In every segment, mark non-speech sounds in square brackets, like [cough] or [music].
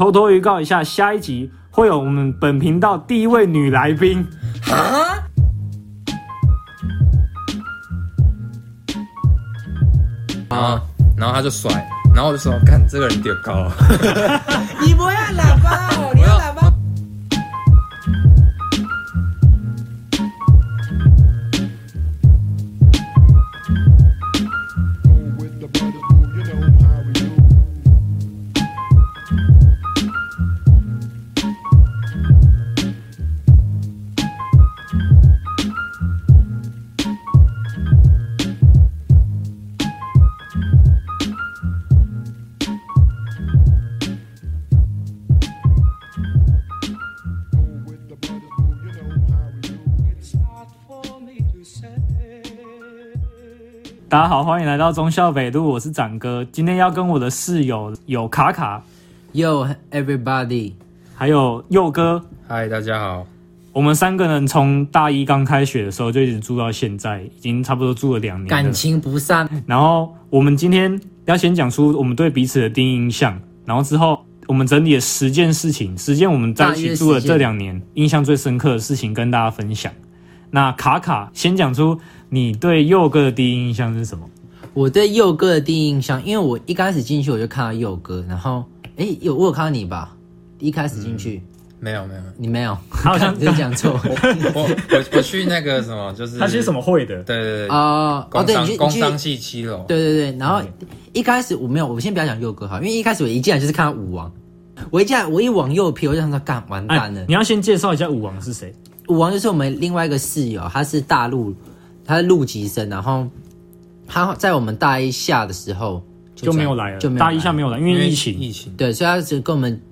偷偷預告一下，下一集會有我們本頻道第一位女來賓。啊蛤！啊！然後他就甩，然後我就說：“看這個人丟高。” [laughs] 你不要喇叭，哦。 [laughs] [laughs] 誰大家好，歡迎來到中笑北錄，我是展哥。今天要跟我的室友有卡卡，有 Yo , everybody，還有祐哥。嗨，大家好。我們三個人從大一剛開學的時候就一直住到現在，已經差不多住了兩年了，感情不散。然後我們今天要先講出我們對彼此的第一印象，然後之後我們整理了十件事情，十件我們在一起住了這兩年印象最深刻的事情，跟大家分享。那卡卡先講出你對佑哥的第一印象是什麼？我對佑哥的第一印象，因為我一開始進去我就看到佑哥，然後哎、欸，有我有看到你吧？一開始進去、嗯，沒有沒有，你沒有，好像跟你講看錯。我我我去那個什麼，就是他是什麼會的？對對對、uh, 公商哦，哦對，工商系七樓。對對對，然後對一開始我沒有，我先不要講佑哥哈，因為一開始我一進來就是看到武王，我一進來，我一往右撇，我就想說，幹，完蛋了、哎。你要先介紹一下武王是誰？舞王就是我們另外一個室友，他是大陸，他是陸籍生，然後他在我們大一下的時候就,就沒有來了，就沒有了，大一下沒有來，因為疫情，疫情，對，所以他只跟我們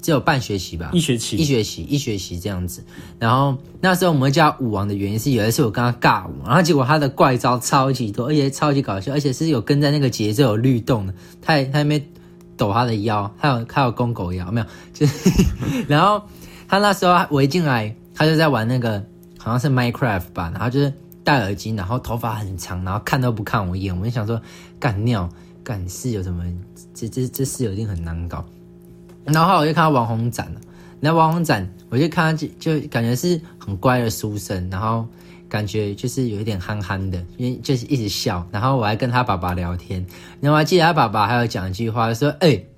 只有半學期吧，一學期，一學期，一學期這樣子。然後那時候我們叫舞王的原因是，有一次我跟他尬舞，然後結果他的怪招超級多，而且超級搞笑，而且是有跟在那個節奏有律動的，他也他也沒抖他的腰，還有，還有公狗腰，沒有，就是， [laughs] 然後他那時候圍進來。他就在玩那個好像是 Minecraft 吧，然後就是戴耳機，然後頭髮很長，然後看都不看我一眼，我就想說干尿干事有什麼？這這這事一定很難搞。然後我就看到王宏展了，那王宏展我就看他就就感覺是很乖的書生，然後感覺就是有一點憨憨的，因為就是一直笑。然後我還跟他爸爸聊天，然後我還記得他爸爸還有講一句話，就說：“哎、欸，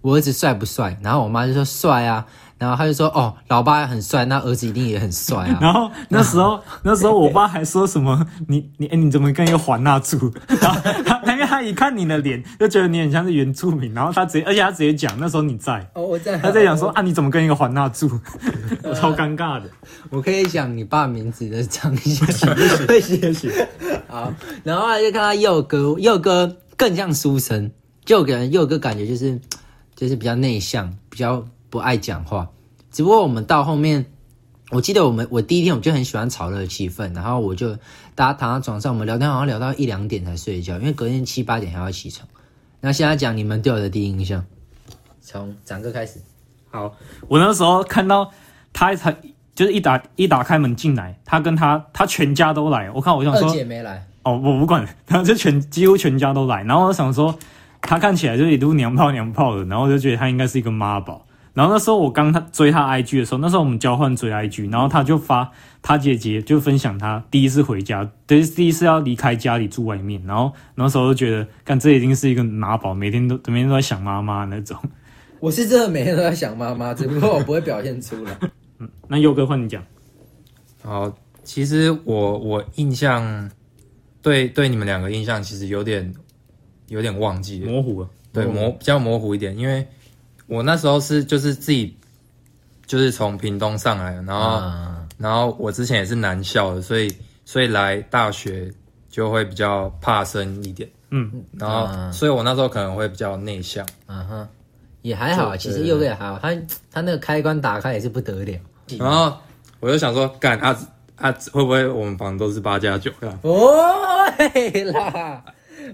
我兒子帥不帥？”然後我媽就說：“帥啊。”然後他就說：“哦，老爸很帥，那兒子一定也很帥啊。” [laughs] 然後，然後那時候， [laughs] 那時候我爸還說什麼：“你你哎、欸，你怎麼跟一個黃那住？” [laughs] 然後他他，他一看你的臉，就覺得你很像是原住民。然後他直接，而且他直接講：“那時候你在哦，我在、啊。”他在講說：“我啊，你怎麼跟一個黃那住？” [laughs] 我超尷尬的。我可以講你爸名字的長相行不行？謝謝。好，然後就看到祐哥，祐哥更像書生，就給人祐哥感覺就是就是比較內向，比較。不愛講話，只不過，我們到後面，我記得我們我第一天，我就很喜歡吵鬧的氣氛，然後我就大家躺在床上，我們聊天好像聊到一兩點才睡覺，因為隔天七八點還要起床。那現在講你們對我的第一印象，從展哥開始。好，我那時候看到他，才，就是一打一打開門進來，他跟他他全家都來，我看我想說二姐沒來，哦我不管，他就全幾乎全家都來，然後我想說他看起來就是一娘炮娘炮的，然後我就覺得他應該是一個媽寶。然後那時候我剛他追他 IG 的時候，那時候我們交換追 IG，然後他就發他姐姐就分享他第一次回家，第一次要離開家裡住外面，然後那時候我覺得，看這一定是一個拿寶，每天都每天都在想媽媽那種。我是真的每天都在想媽媽，只不過我不會表現出來。嗯，那佑哥換你講。好，其實我我印象對對你們兩個印象其實有點有點忘記，模糊了，對、哦、模比較模糊一點，因為。我那時候是就是自己就是從屏東上來的，然後、啊、然後我之前也是男校的，所以所以來大學就會比較怕生一點，嗯，然後、啊、所以我那時候可能會比較內向，嗯哼、啊，也還好，對其實祐哥也還好，他他那個開關打開也是不得了，然後我就想說，幹阿子會不會我們房都是八加九呀？9, 哦，嘿，啦，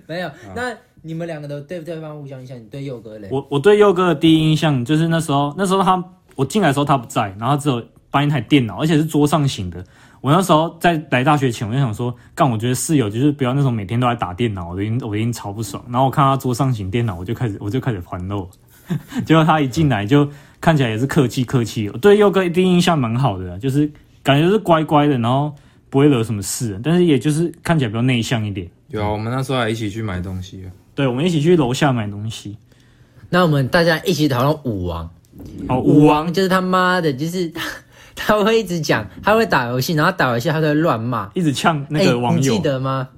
沒有好那。你們兩個都對不對？方互相影響。你對祐哥嘞？我我對祐哥的第一印象就是那時候，那時候他，我進來的時候他不在，然後只有搬一台電腦，而且是桌上型的。我那時候在來大學前，我就想說，幹，我覺得室友就是不要那種每天都在打電腦，我已經我已經超不爽。然後我看他桌上型電腦，我就開始我就開始煩嘍。 [laughs] 結果他一進來就看起來也是客氣客氣。我對祐哥第一印象蠻好的，就是感覺是乖乖的，然後不會惹什麼事，但是也就是看起來比較內向一點。有啊，我們那時候還一起去買東西啊。對，我們一起去樓下買東西。那我們大家一起討論武王。哦，武王，武王就是他媽的，就是他，他會一直講，他會打遊戲，然後打遊戲他就會亂罵，一直嗆那個網友。欸，你記得嗎？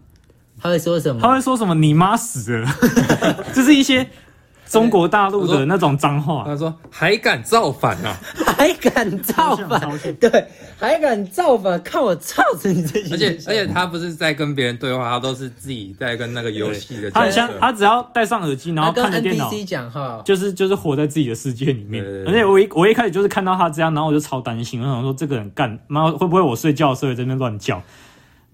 他會說什麼？他會說什麼？你媽死了！ [laughs] [laughs] 就是一些。中國大陸的那種髒話、欸，他說還敢造反啊，還敢造反， [laughs] 對，還敢造反，看對我操死你這些。而且而且他不是在跟別人對話，他都是自己在跟那個遊戲的、欸。他像他只要戴上耳機，然後看著電腦，他跟 NPC 講哈，就是就是活在自己的世界裡面，對對對對，而且我一我一開始就是看到他這樣，然後我就超擔心，我想說這個人幹，然後會不會我睡覺的時候也在那亂叫？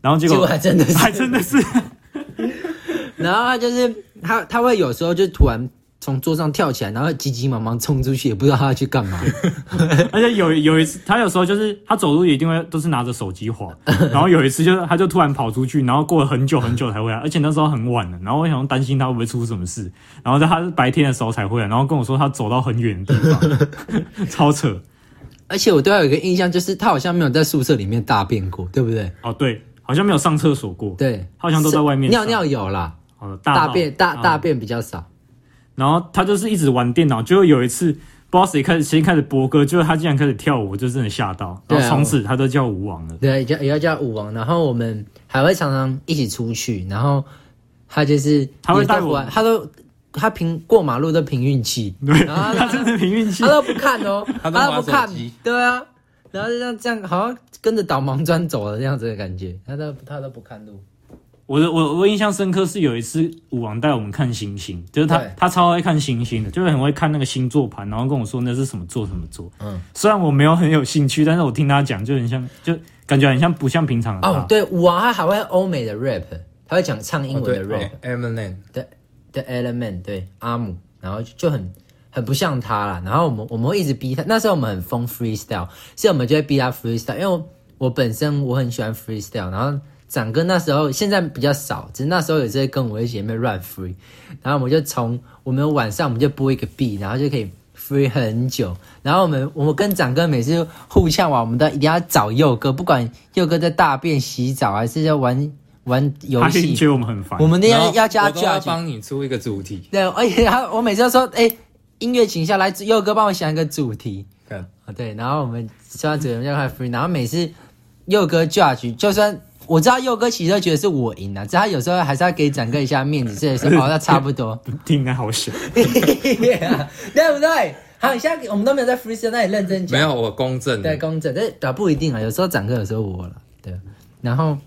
然後結果，結果還真的是，還真的是。 [laughs] 然後他就是他他會有時候就突然。從桌上跳起來，然後急急忙忙衝出去，也不知道他要去幹嘛。對 [laughs] 而且有有一次，他有時候就是他走路也一定會都是拿着手機滑。 [laughs] 然後有一次就是他就突然跑出去，然後過了很久很久才回來，而且那時候很晚了。然後我想擔心他會不會出什麼事，然後在他是白天的時候才回來，然後跟我說他走到很遠的地方， [laughs] 超扯。而且我對他有一個印象，就是他好像沒有在宿舍裡面大便過，對不對？哦，對，好像沒有上廁所過。對，他好像都在外面。尿尿有啦。哦，大便大大便比較少。啊然後他就是一直玩電腦，就有一次，不知道誰開始先開始播歌，就是他竟然開始跳舞，就真的嚇到。啊、然後從此他都叫舞王了。對、啊，也叫也要叫舞王。然後我們還會常常一起出去，然後他就是他會帶我玩，他都他憑過馬路都憑運氣，對然後他，他真的憑運氣，他都不看哦，他都，他都不看，對啊，然後就這樣這樣好像跟着導盲磚走了這樣子的感覺，他都他都不看路。我的我我印象深刻是有一次武王帶我們看星星，就是他對他超愛看星星的，就是很會看那個星座盤，然後跟我說那是什麼座什麼座。嗯，雖然我沒有很有興趣，但是我聽他講就很像，就感覺很像不像平常的他。哦，oh, 對，武王他還會歐美的 rap，他會講唱英文的 rap，Eminem、oh, 對，Eminem 對，阿姆，然後就很很不像他啦。然後我們我們會一直逼他，那時候我們很瘋 freestyle，所以我們就會逼他 freestyle，因為我,我本身我很喜歡 freestyle，然後。掌哥那時候現在比較少，只是那時候有時候跟我一起在亂 free，然後我們就從我們晚上我們就播一個 beat，然後就可以 free 很久。然後我們我們跟掌哥每次互相玩，我們都一定要找佑哥，不管佑哥在大便、洗澡還是在玩玩遊戲，他覺得我們很煩。我們要加 charge, 我都要要叫佑哥幫你出一個主題，對，而、欸、且他我每次都說，哎、欸，音樂請下來，佑哥幫我想一個主題。對，啊對，然後我們這樣子我們就開 free，然後每次佑哥叫去就算。我知道佑哥其實都覺得是我贏了啊，但他有時候還是要給展哥一下面子，所以說哦，那差不多。聽起來好損，對不對？好，現在我們都沒有在 Freezer 那裡認真講。沒有，我公正。對，公正，但是不一定啊。有時候展哥，有時候我了，對。然後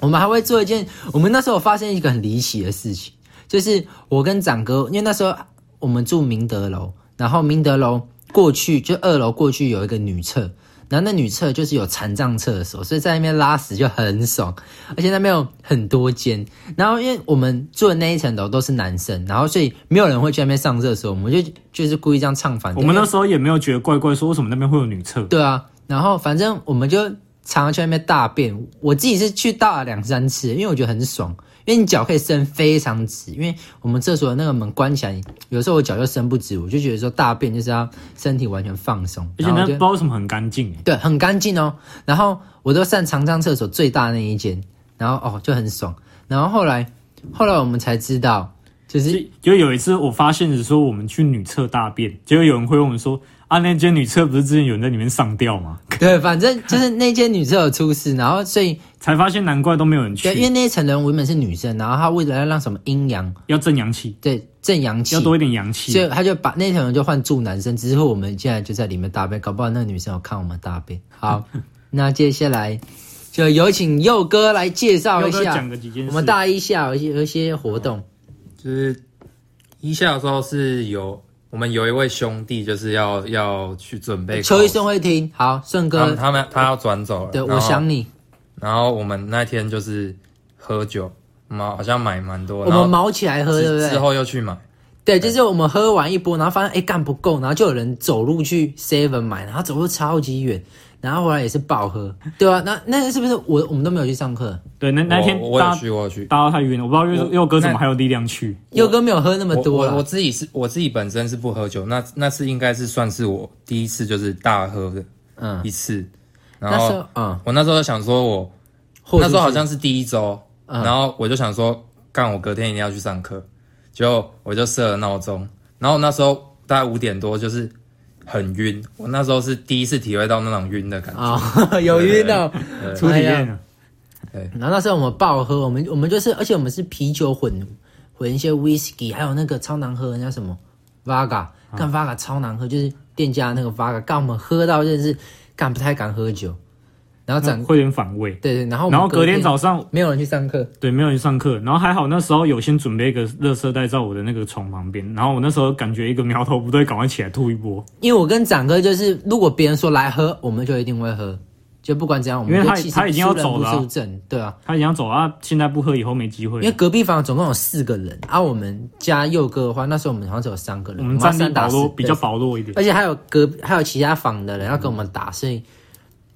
我們還會做一件，我們那時候發生一個很離奇的事情，就是我跟展哥，因為那時候我們住明德樓，然後明德樓過去就二樓過去有一個女廁。然後那女廁就是有殘障廁所，所以在那邊拉屎就很爽，而且那邊有很多間。然後因為我們住的那一層樓都，都是男生，然後所以沒有人會去那邊上廁所，我們就就是故意這樣唱反調。我們那時候也沒有覺得怪怪，說為什麼那邊會有女廁？對啊，然後反正我們就常常去那邊大便。我自己是去大了兩三次，因為我覺得很爽。因為你腳可以伸非常直，因為我們廁所那個門關起來，有時候我腳就伸不直，我就覺得說大便就是要身體完全放鬆。而且那不知道什麼很乾淨，對，很乾淨哦。然後我都上長江廁所最大那一間，然後哦就很爽。然後後來後來我們才知道，就是就有一次我發現的時候，我們去女廁大便，結果有人會問我們說。啊，那間女廁不是之前有人在裡面上吊嗎？對，反正就是那間女廁有出事，然後所以才發現，難怪都沒有人去。因為那層人原本是女生，然後他為了要讓什麼陰陽，要正陽氣，對，正陽氣要多一點陽氣，所以他就把那層人就換住男生。之後我們現在就在裡面大便，搞不好那個女生有看我們大便。好， [laughs] 那接下來就有請佑哥來介紹一下，我們大一下有一些活動，有就是一下的時候是有。我們有一位兄弟就是要要去準備，邱醫生會聽好，順哥，他們他要轉走了，哦、對，然後我想你。然後我們那天就是喝酒，買好像買蠻多的，然後卯起來喝，然後對不對？之，之後又去買。對，就是我們喝完一波，然後發現誒幹、欸、不夠，然後就有人走路去 seven 買，然後走路超級遠，然後回來也是爆喝，對吧、啊，那那天是不是我我們都沒有去上課？對，那那天我，我也去，我也去，大家太暈了，我不知道佑哥怎麼還有力量去。佑哥沒有喝那麼多我我我，我自己是我自己本身是不喝酒，那那次應該是算是我第一次就是大喝的嗯後，嗯，一次。然後嗯，我那時候就想說我，我那時候好像是第一周，嗯、然後我就想說幹，我隔天一定要去上課。就我就設了鬧鐘，然後那時候大概五點多，就是很暈。我那時候是第一次體會到那種暈的感覺哦， [laughs] 有暈到，初體驗了。對，對，對，然後那時候我們暴喝，我們我們就是，而且我們是啤酒混混一些 whisky，還有那個超難喝，叫什麼 vaga，幹、啊、vaga 超難喝，就是店家那個 vaga，剛我們喝到就是敢不太敢喝酒。然後展哥有點反胃，對對，然後然後隔天早上沒有人去上課，對，沒有人去上課，然後還好那時候有先準備一個垃圾袋在我的那個床旁邊，然後我那時候感覺一個苗頭不對，趕快起來吐一波。因為我跟展哥就是，如果別人說來喝，我們就一定會喝，就不管怎樣，因為他他已經要走了，對啊，他已經要走啊，現在不喝以後沒機會。因為隔壁房總共有四個人，而我們加佑哥的話，那時候我們好像只有三個人，我們三打多比較薄弱一點，而且還有隔還有其他房的人要跟我們打，所以。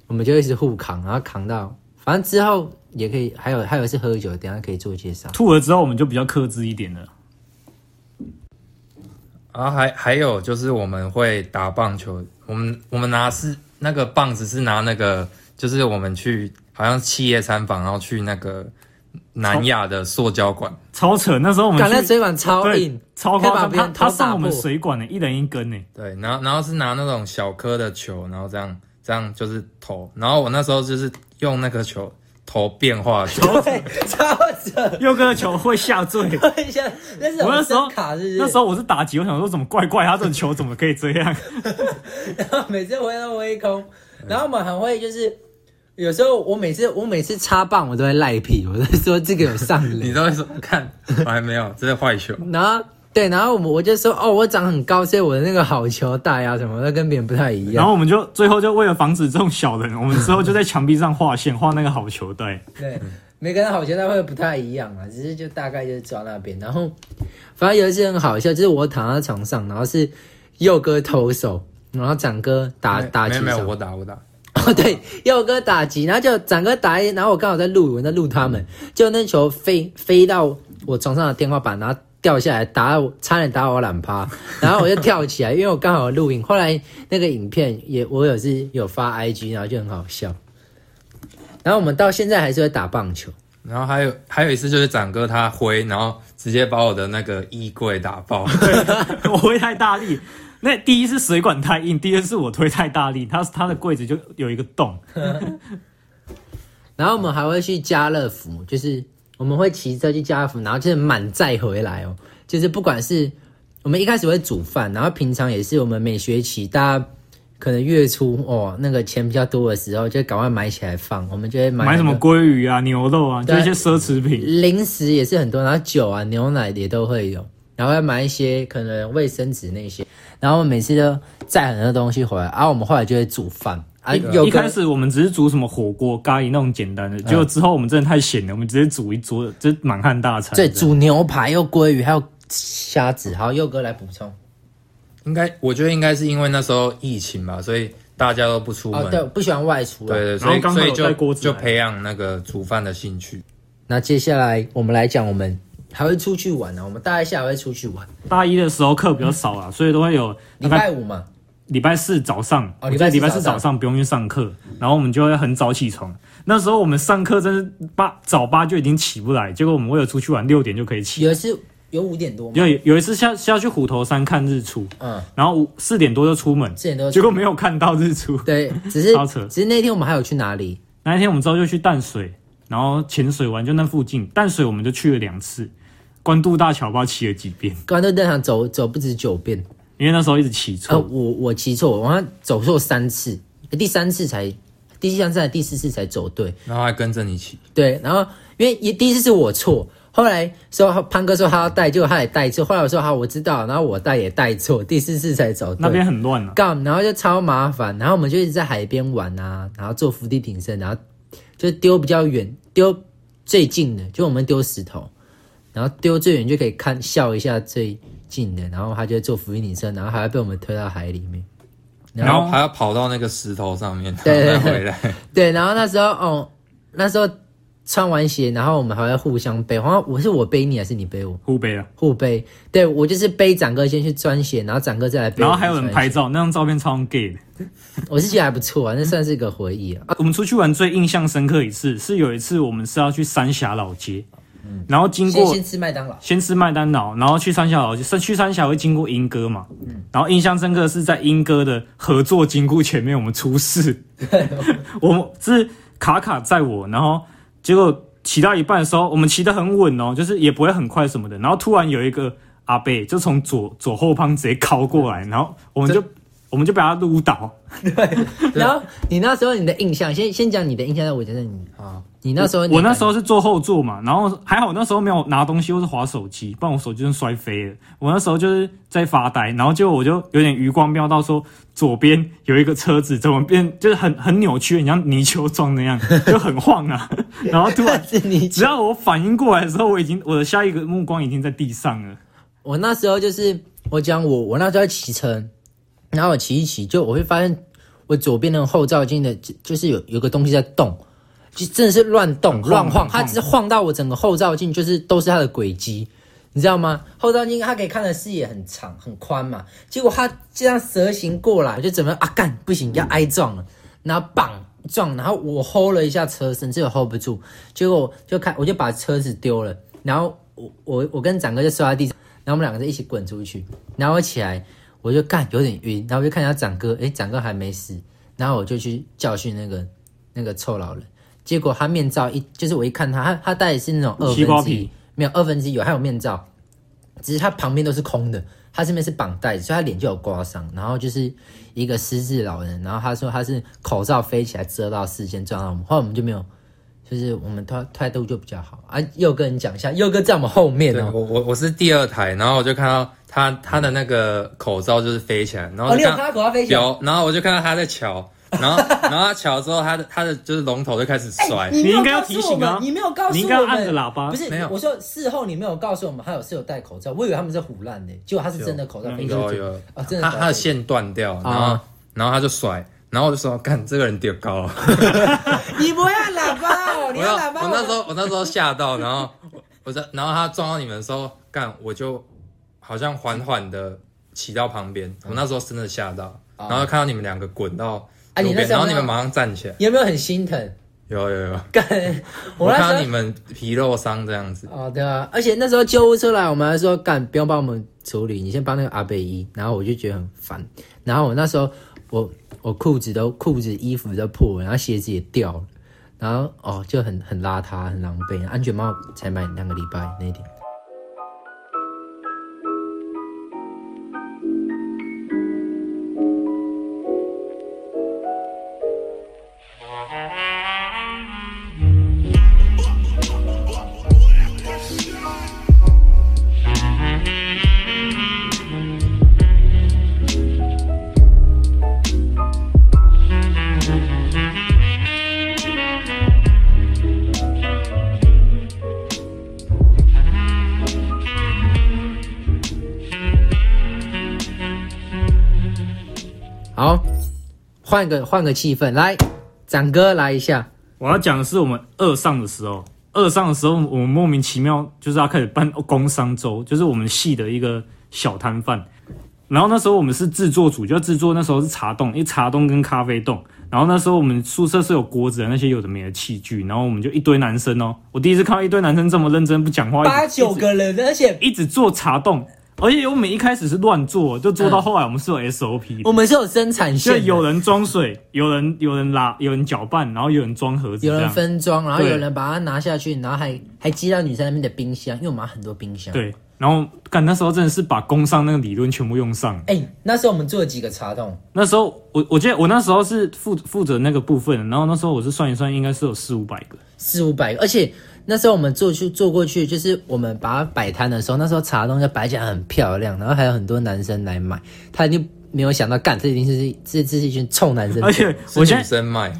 我們就一直互扛，然後扛到反正之後也可以，還有還有是喝酒，等下可以做介紹。吐了之後我們就比較克制一點了。然後還還有就是我們會打棒球，我們我們拿是那個棒子是拿那個，就是我們去好像企業參訪，然後去那個南亞的塑膠館，超扯。那時候我們打那水管超硬，超高，高，把超他他上我們水管呢，一人一根呢。對，然後然後是拿那種小顆的球，然後這樣。這樣就是投，然後我那時候就是用那個球投變化球，超準，祐哥的球會下墜一 [laughs] 下，但是，是、是我那時候卡是，那時候我是打擊，我想說怎麼怪怪，他這種球怎麼可以這樣？ [laughs] 然後每次我都揮空，然後我們很會就是，有時候我每次我每次插棒我都會賴皮，我都說這個有上壘， [laughs] 你都會說看，我還沒有， [laughs] 這是壞球，然對，然後我我就說，哦，我長很高，所以我的那個好球帶啊什麼的跟別人不太一樣。然後我們就最後就為了防止這種小人，我們之後就在牆壁上畫線， [laughs] 畫那個好球帶。對，每個人好球帶會不太一樣啊，只是就大概就是抓那邊。然後，反正有一次很好笑，就是我躺在床上，然後是佑哥投手，然後展哥打沒打擊。沒有我打我打。我打我打哦打對，佑哥打擊，然後就展哥打，然後我剛好在錄，我在錄他們，就、嗯、那球飛飛到我床上的天花板，然後。掉下來打我，差點打我懶趴，然後我就跳起來， [laughs] 因為我剛好錄影。後來那個影片也我有是有發 IG，然後就很好笑。然後我們到現在還是會打棒球。然後還有還有一次就是展哥他揮，然後直接把我的那個衣櫃打爆。 [laughs] 我揮太大力。那第一是水管太硬，第二是我推太大力。他他的櫃子就有一個洞。 [laughs] 然後我們還會去家樂福，就是。我們會騎車去家樂福，然後就是滿載回來哦。就是不管是我們一開始會煮飯，然後平常也是我們每學期大家可能月初哦，那個錢比較多的時候，就趕快買起來放。我們就會買、那個、買什麼鮭魚啊、牛肉啊，對就一些奢侈品。零食也是很多，然後酒啊、牛奶也都會有，然後要買一些可能衛生紙那些，然後每次都載很多東西回來，然後、啊、我們後來就會煮飯。哎、啊，有一開始我們只是煮什麼火鍋咖喱那種簡單的，嗯、結果之後我們真的太閒了，我們直接煮一桌，這滿漢大餐。對，煮牛排又鮭魚還有蝦子。好，祐哥來補充。應該，我覺得應該是因為那時候疫情吧，所以大家都不出門，哦、對，不喜歡外出，對，對對。然後剛才有帶鍋子來，所以就就培養那個煮飯的興趣。那接下來我們來講，我們還會出去玩呢、啊。我們大一下還會出去玩。大一的時候課比較少啊，嗯、所以都會有禮拜五嘛。禮拜四早上，在禮、哦、拜四早上不用去上課。嗯、然後我們就會很早起床。嗯、那時候我們上課真是八早八就已經起不來，結果我們為了出去玩，六點就可以起。有一次有五點多嗎？因為有一次是要要去虎頭山看日出，嗯，然後四點多就出門，四點多就出門，結果沒有看到日出。對，只是，超扯。只是那天我們還有去哪裡？那一天我們之後就去淡水，然後潛水完，就那附近淡水我們就去了兩次，關渡大橋吧，起了幾遍，關渡大橋走走不止九遍，因為那時候一直騎錯、啊，我我騎錯，我好像走錯三次，欸第三次，第三次才，第四次在第第四次才走對，然後還跟着你起對，然後因為第一次是我錯， [laughs] 後來說潘哥說他要帶，結果他也帶錯，後來我說好我知道，然後我帶也帶錯，第四次才走對，那邊很亂的、啊，然後就超麻煩，然後我們就一直在海邊玩啊，然後做伏地挺身，然後就丟比較遠，丟最近的就我們丟石頭，然後丟最遠就可以看笑一下最近的，然後他就坐浮音艇上，然後還要被我們推到海裡面，然後，然後還要跑到那個石頭上面，然後再回來。對，然後那時候哦，那時候穿完鞋，然後我們還會互相背，然後我是我背你還是你背我？互背啊，互背。對，我就是背展哥先去穿鞋，然後展哥再來背。然後還有人拍照，那張照片超 gay。 [laughs] 我是覺得還不錯啊，那算是一個回憶啊。嗯、啊我們出去玩最印象深刻一次，是有一次我們是要去三峽老街。嗯、然後經過，先吃麥當勞，先吃麥當勞，然後去三峽，去去三峽會經過鶯歌嘛？嗯，然後印象深刻是在鶯歌的合作金庫前面，我們出事。嗯、 [laughs] 我們是卡卡載我，然後結果騎到一半的時候，我們騎得很穩哦、喔，就是也不會很快什麼的。然後突然有一個阿伯就從左左後方直接靠過來，然後我們就。我們就把他擼倒。對，然後你那時候你的印象， [laughs] 先先講你的印象。我覺得你啊，我你那時候我那時候是坐後座嘛，然後還好我那時候沒有拿東西或是滑手機，不然我手機就摔飛了。我那時候就是在發呆，然後就我就有點餘光瞄到說左邊有一個車子怎麼變就是很很扭曲，你像泥鰍狀那樣， [laughs] 就很晃啊。然後突然只要我反應過來的時候，我已經我的下一個目光已經在地上了。我那時候就是我講我我那時候在騎車。然後我騎一騎，就我會發現我左邊的後照鏡的，就是有有個東西在動，就真的是亂動晃亂晃，它晃只是晃到我整個後照鏡，就是，晃就是都是它的軌跡，晃你知道嗎？後照鏡它可以看的視野很長很寬嘛，結果它這樣蛇行過來，我就整個啊幹不行，要挨撞了然撞，然後砰撞，然後我 Hold 了一下車身，甚至我 Hold 不住，結果就開我就把車子丟了，然後我我我跟展哥就摔在地上，然後我們兩個就一起滾出去，然後我起來。我就看有點暈，然後我就看他長哥，哎、欸，長哥還沒死，然後我就去教訓那個那個臭老人，結果他面罩一，就是我一看他，他他戴的是那種二分之一，西瓜皮。沒有二分之一有，他有面罩，只是他旁邊都是空的，他身邊是綁帶，所以他臉就有刮傷，然後就是一個失智老人，然後他說他是口罩飛起來遮到視線撞到我們，後來我們就沒有。就是我們態態度就比較好啊，祐哥，你講一下，祐哥在我們後面啊，我我我是第二台，然後我就看到他他的那個口罩就是飛起來，然後他口罩飛起來，有，然後我就看到他在瞧，然後然後他瞧之後，他的他的就是龍頭就開始甩，你應該要提醒啊，你沒有告訴我們，你應該按喇叭，不是，我說事後你沒有告訴我們，他有是有戴口罩，我以為他們是唬爛的，結果他是真的口罩飛起來。真的，他他的線斷掉，然後然後他就甩。然後我就說：“幹這個人屌高。 [laughs] ” [laughs] 你不要喇叭哦！不要，要。我那時候我那時候嚇到， [laughs] 然後我在然後他撞到你們的時候，幹我就好像緩緩的騎到旁邊。嗯”我那時候真的嚇到，哦、然後看到你們兩個滾到右邊，啊、有有然後你們馬上站起來。你有沒有很心疼？有有有。幹，我看到你們皮肉傷這樣子。哦，對啊，而且那時候救護車來，我們還說：“幹不用幫我們處理，你先幫那個阿伯醫。”然後我就覺得很煩。然後我那時候我。我褲子都褲子衣服都破了，然後鞋子也掉了，然後哦就很很邋遢，很狼狽。安全帽才買兩個禮拜那一點。換個換個氣氛，來，展哥來一下。我要講的是我們二上的時候，二上的時候我們莫名其妙就是要開始辦工商周，就是我們系的一個小攤販。然後那時候我們是製作組，就要製作。那時候是茶凍，一茶凍跟咖啡凍。然後那時候我們宿舍是有鍋子的那些有的沒的器具。然後我們就一堆男生哦，我第一次看到一堆男生這麼認真不講話，八九個人，直而且一直做茶凍。而且我們一開始是亂做，就做到後來我們是有 SOP，呃，了，我們是有生產線，就有人裝水，有人有人拉，有人攪拌，然後有人裝盒子，子，有人分裝，然後有人把它拿下去，對，然後還還寄到女生那邊的冰箱，因為我們很多冰箱。對，然後幹那時候真的是把工商那個理論全部用上。哎、欸，那時候我們做了幾個茶桶？那時候我我記得我那時候是負負責那個部分，然後那時候我是算一算，應該是有四五百個，四五百個，而且。那時候我們坐去坐過去，就是我們把它擺攤的時候，那時候茶東西擺起來很漂亮，然後還有很多男生來買，他就沒有想到，幹這一定是這這是，是，是一群臭男生，而且是我對女生賣，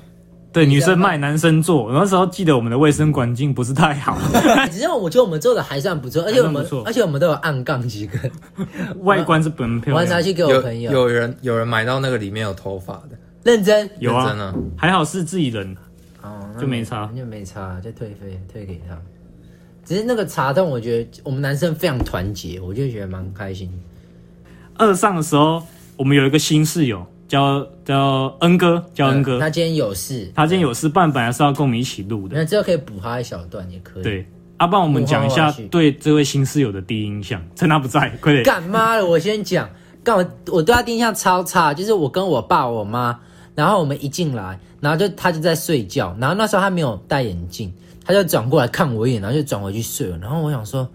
對女生賣，男生做。那時候記得我們的衛生環境不是太好， [laughs] 只是我覺得我們做的還算不錯，而且我們而且我們都有暗槓幾個。 [laughs] 外觀是本片，我還拿去給我朋友，有，有人有人買到那個裡面有頭髮的，認真有啊，真的還好是自己人。哦、沒就沒差，就沒差，就退費退給他。只是那個查洞，我覺得我們男生非常團結，我就覺得蠻開心。二上的時候，我們有一個新室友，叫叫恩哥，叫恩哥、嗯。他今天有事，他今天有事辦，嗯、伴本來是要跟我們一起錄的。那這、嗯、後可以補他一小段也可以。對，阿爸，我們講一下對這位新室友的第一印象，趁他不在，快點。幹媽的，我先講， [laughs] 幹我我對他的印象超差，就是我跟我爸我媽。然後我們一進來，然後就他就在睡覺。然後那時候他沒有戴眼鏡，他就轉過來看我一眼，然後就轉回去睡了。然後我想說，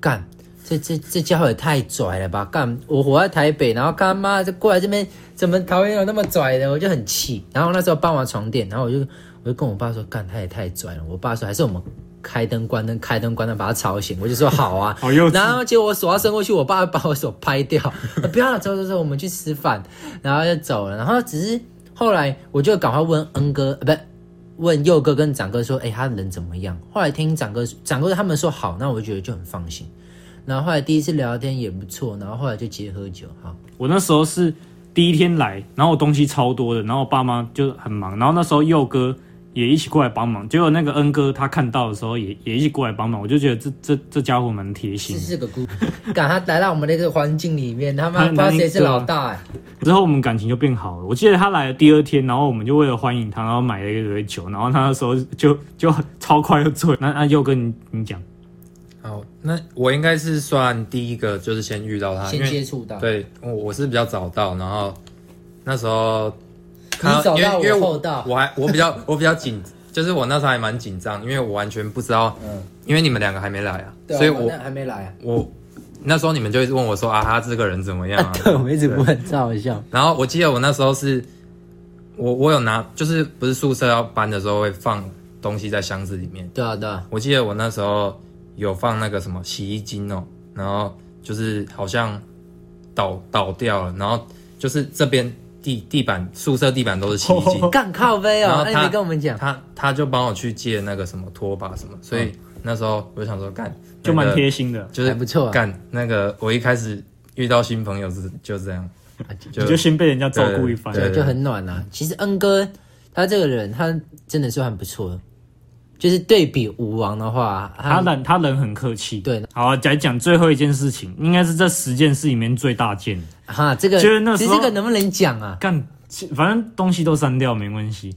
幹這這這家伙也太拽了吧！幹我活在台北，然後幹媽就過來這邊，怎麼台灣有那麼拽的？我就很氣。然後那時候搬完床墊，然後我就我就跟我爸說，幹他也太拽了。我爸說，還是我們開燈關燈開燈關燈把他吵醒。我就說好啊，好然後結果我手要伸過去，我爸把我手拍掉， [laughs] 不要了，走走走，我們去吃飯，然後就走了。然後只是。後來我就趕快問恩哥，不、呃、問祐哥跟展哥說，哎，他人怎麼樣？後來聽展哥、展哥他們說好，那我就覺得就很放心。然後後來第一次聊天也不錯，然後後來就接喝酒。我那時候是第一天來，然後我東西超多的，然後我爸媽就很忙。然後那時候祐哥也一起過來幫忙，結果那個恩哥他看到的時候也也一起過來幫忙，我就覺得這這這家伙蠻貼心。是個哥，敢他來到我們那個環境裡面， [laughs] 他們發現是老大、欸。之後我們感情就變好了。我記得他來的第二天，然後我們就為了歡迎他，然後買了一堆酒，然後他那時候就就，就超快就醉。那那又跟你你講，好，那我應該是算第一個，就是先遇到他，先接觸到，對，我我是比較早到，然後那時候。可能，因為因為我我還我比較我比較緊，就是我那時候還蠻緊張，因為我完全不知道，因為你們兩個還沒來啊，所以我還沒來。啊，我那時候你們就問我說：“啊，他這個人怎麼樣？”啊？對，我一直問，照一下。然後我記得我那時候是，我我有拿，就是不是宿舍要搬的時候會放東西在箱子裡面。對啊，對啊。我記得我那時候有放那個什麼洗衣精哦，然後就是好像倒倒掉了，然後就是這邊。地地板宿舍地板都是洗衣精，幹靠背哦，他沒跟我們講，他他就幫我去借那個什麼拖把什麼，所以那時候我就想說幹，就蠻貼心的，那個、就是還不錯、啊，幹那個我一開始遇到新朋友是就，就這樣，就你就先被人家照顧一番，就很暖啊。對對對，其實恩哥他這個人他真的是很不錯。就是對比吳王的話，他人他，他人很客氣。對了，好，再講最後一件事情，應該是這十件事裡面最大件的。哈、啊，這個就是那時候其實這個能不能講啊？幹，反正東西都刪掉沒關係。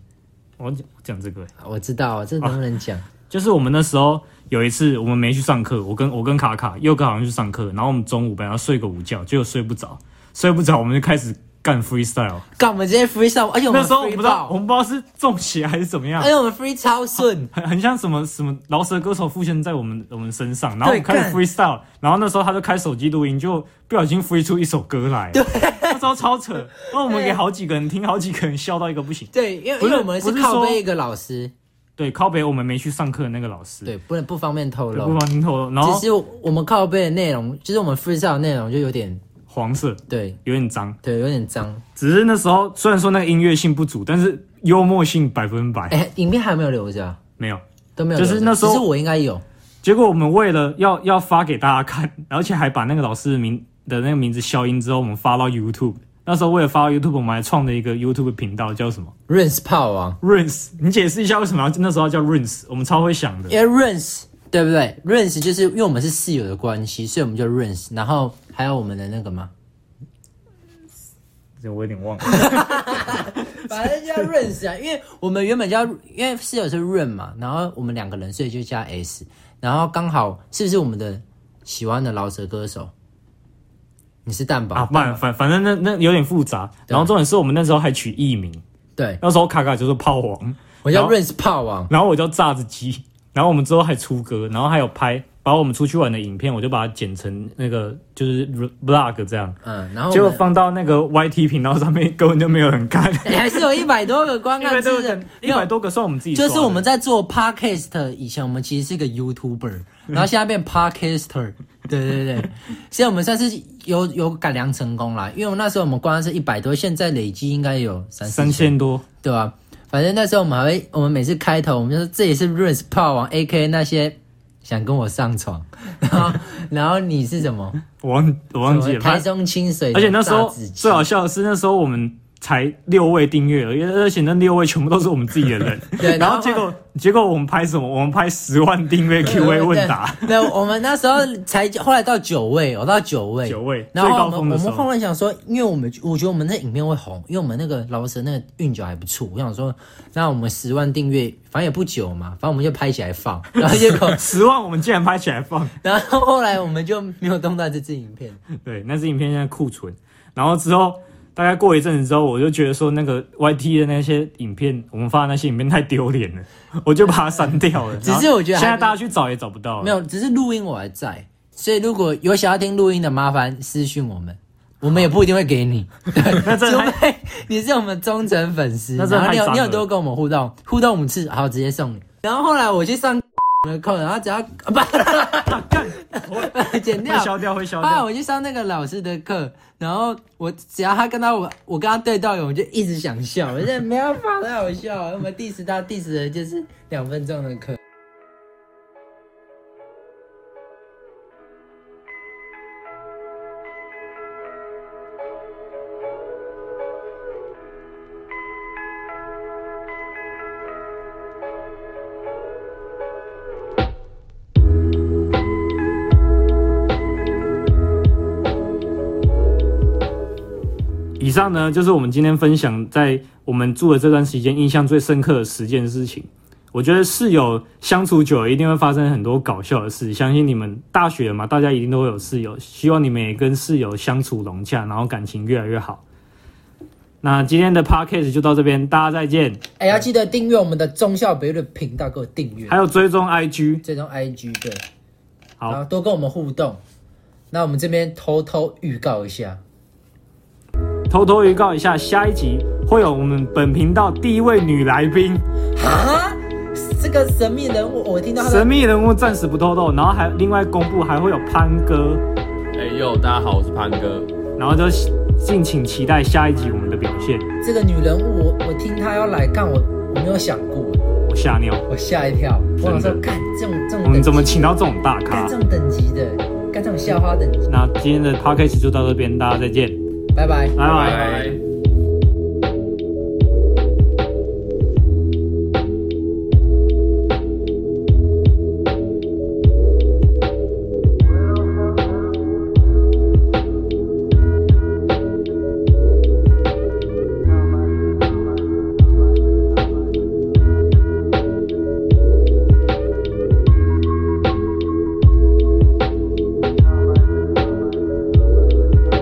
我講講這個，我知道、哦、這能不能講、啊？就是我們那時候有一次，我們沒去上課，我跟我跟卡卡、祐哥好像去上課，然後我們中午本來要睡個午覺，結果睡不着，睡不着，我們就開始。幹 freestyle，幹我們這些 freestyle，而、哎、且我們那時候，我不知道，我們不知道是中邪還是怎麼樣？而且、哎、我們 freestyle 超順，很、啊、很像什麼什麼饒舌歌手附身在我們我們身上，然後我們開始 freestyle，對然後那時候他就開手機錄音，就不小心 free 出一首歌來，對，那時候超扯。然後我們給好幾個人 [laughs] 聽，好幾個人笑到一個不行。對，因，因為我們是靠北一個老師，對，靠北我們沒去上課那個老師，對，不能不方便透露，不方便透露，露。然後其實我們靠北的內容，其、就、實、是、我們 freestyle 的內容就有點。黃色對,對，有點髒，對，有點髒。只是那時候雖然說那個音樂性不足，但是幽默性百分百。哎、欸，影片還有沒有留下、啊？沒有，都沒有。就是那時候，是我應該有。結果我們為了要要發給大家看，而且還把那個老師的名的那個名字消音之後，我們發到 YouTube。那時候為了發到 YouTube，我們還創了一個 YouTube 頻道，叫什麼？Rinse 炮王。Rinse，你解釋一下為什麼要那時候叫 Rinse？我們超會想的，因為、yeah, Rinse 對不對 Rinse 就是因為我們是室友的關係，所以我們叫 Rinse，然後。還有我們的那個嗎？這我有點忘了，反正叫 Rains 啊因為我們原本叫，因為室友是 Rain 嘛，然後我們兩個人，所以就加 S，然後剛好是不是我們的喜歡的饒舌歌手？你是蛋堡啊？堡反反反正那那有點複雜，對然後重點是我們那時候還取藝名，對，那時候卡卡就是炮王，我叫 Rain 是炮王然，然後我叫炸子雞，然後我們之後還出歌，然後還有拍。把我們出去玩的影片，我就把它剪成那個就是 blog 這樣，嗯，然後就放到那個 YT 頻道上面，根本就沒有人看，欸、還是有一百多個觀看的人，一百多個算我們自己的。就是我們在做 podcast 以前，我們其實是一個 YouTuber，然後現在變 podcaster， [laughs] 對，對對對，現在我們算是有有改良成功了，因為我們那時候我們觀看是一百多，現在累計應該有三三千3000多，對吧？啊，反正那時候我們還會我們每次開頭我們就說，這也是 r i n w e r 王 AK 那些。想跟我上床，然後 [laughs] 然後你是什麼？我忘我忘記了。台中清水，而且那時候最好笑的是那時候我們。才六位訂閱，因為而且那六位全部都是我們自己的人。 [laughs] 對。然後， [laughs] 然後結果，結果我們拍什麼？我們拍十萬訂閱 Q&A 問答。對，對，對，對。那 [laughs] 我們那時候才，後來到九位，我到九位。九位。最高峰的時候。然後我們我們後來想說，因為我們我覺得我們那影片會紅，因為我們那個老伯那個韻腳還不錯。我想說，那我們十萬訂閱，反正也不久嘛，反正我們就拍起來放。然後結果 [laughs] 十萬，我們竟然拍起來放。然後後來我們就沒有動到這支影片。 [laughs] 對，那支影片現在庫存。然後之後。大概過一陣子之後，我就覺得說那個 YT 的那些影片，我們發的那些影片太丟臉了，我就把它刪掉了。只是我覺得現在大家去找也找不到不。沒有，只是錄音我還在，所以如果有想要聽錄音的，麻煩私訊我們，我們也不一定會給你。除非你是我們忠誠粉絲，然後你有你有多跟我們互動，互動五次，好，直接送你。然後後來我去上我的課，然後只要、啊、不。 [laughs] [laughs] 我剪掉，會消掉，會消掉。後來，我去上那個老師的課，然後我只要他跟他我我跟他對到，我就一直想笑，而且 [laughs] 沒有辦法，太好笑了。 [laughs] 我們第十到 [laughs] 第十人就是兩分鐘的課。以上呢，就是我們今天分享在我們住的這段時間印象最深刻的十件事情。我覺得室友相處久了，一定會發生很多搞笑的事。相信你們大學嘛，大家一定都有室友。希望你們也跟室友相處融洽，然後感情越來越好。嗯、那今天的 podcast 就到這邊，大家再見。哎、欸，要對記得訂閱我們的中笑北錄頻道，給我訂閱，還有追蹤 IG，追蹤 IG，對，好，多跟我們互動。那我們這邊偷偷預告一下。偷偷預告一下，下一集會有我們本頻道第一位女來賓。啊？這個神秘人物，我聽到。神秘人物暫時不透露，然後還另外公布，還會有潘哥。哎呦、欸，大家好，我是潘哥。然後就敬請期待下一集我們的表現。這個女人物，我我聽她要來幹，看我我沒有想過，我嚇尿，我嚇一跳。的我想說幹這種這種，我們怎麼請到這種大咖？幹這種等級的，幹這種校花等級。等級，那今天的 podcast 就到這邊，大家再見。拜拜，拜拜。